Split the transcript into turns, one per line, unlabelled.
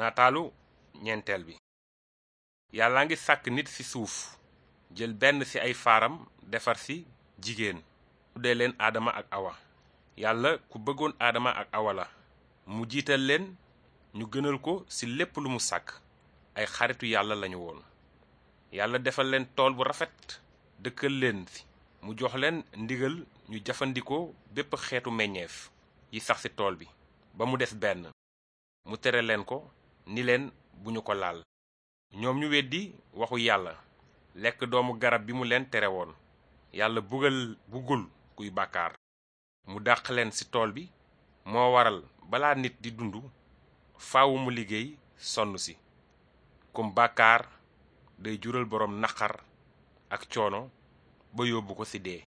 nataalu ñeenteel bi yàlla ngi sàkk nit ci suuf jël benn ci ay faaram defar ci jigéen tuddee leen aadama ak awa yàlla ku bëggoon aadama ak awa la mu jiital leen ñu gënal ko ci lépp lu mu sàkk ay xaritu yàlla lañu woon yàlla defal leen tool bu rafet dëkkal leen ci mu jox leen ndigal ñu jëfandikoo bépp xeetu meññeef yi sax ci tool bi ba mu des benn mu tere leen ko ni leen bu ñu ko laal ñoom ñu weddi waxu yàlla lekk doomu garab bi mu leen tere woon yàlla bugal kuy bàkkaar mu dàq leen ci tool bi moo waral balaa nit di dund faaw mu liggéey sonn si kum bàkkaar day jural boroom naqar ak coono ba yóbbu ko ci dee